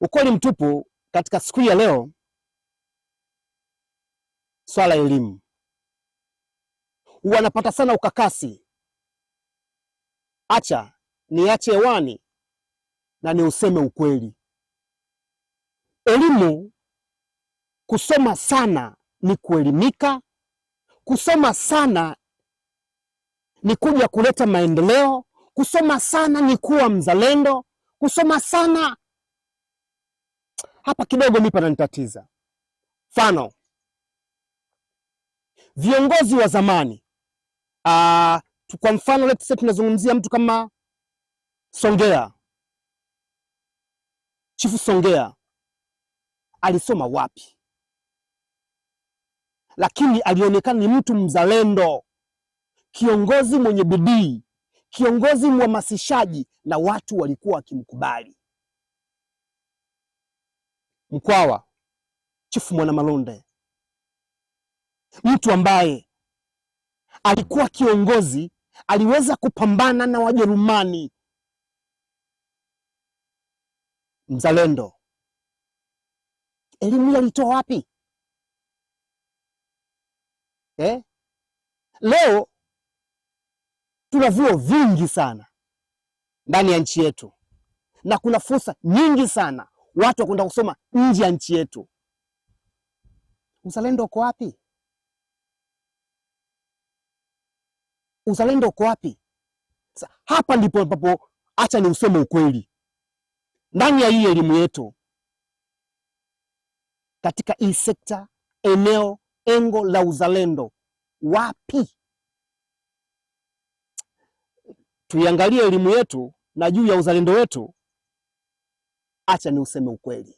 Ukweli mtupu katika siku ya leo, swala elimu wanapata sana ukakasi. Acha niache hewani na ni useme ukweli, elimu kusoma sana ni kuelimika, kusoma sana ni kuja kuleta maendeleo, kusoma sana ni kuwa mzalendo, kusoma sana hapa kidogo mi pananitatiza. Mfano, viongozi wa zamani uh, kwa mfano let's say tunazungumzia mtu kama Songea, Chifu Songea alisoma wapi? Lakini alionekana ni mtu mzalendo, kiongozi mwenye bidii, kiongozi mhamasishaji, na watu walikuwa wakimkubali. Mkwawa, Chifu Mwanamalonde, mtu ambaye alikuwa kiongozi, aliweza kupambana na Wajerumani, mzalendo. Elimu hiyo alitoa wapi eh? Leo tuna vyuo vingi sana ndani ya nchi yetu na kuna fursa nyingi sana watu wakwenda kusoma nje ya nchi yetu. Uzalendo uko wapi? Uzalendo uko wapi? Hapa ndipo ambapo acha ni usome ukweli ndani ya hii elimu yetu, katika hii sekta, eneo engo la uzalendo wapi? Tuiangalie elimu yetu na juu ya uzalendo wetu acha ni useme ukweli.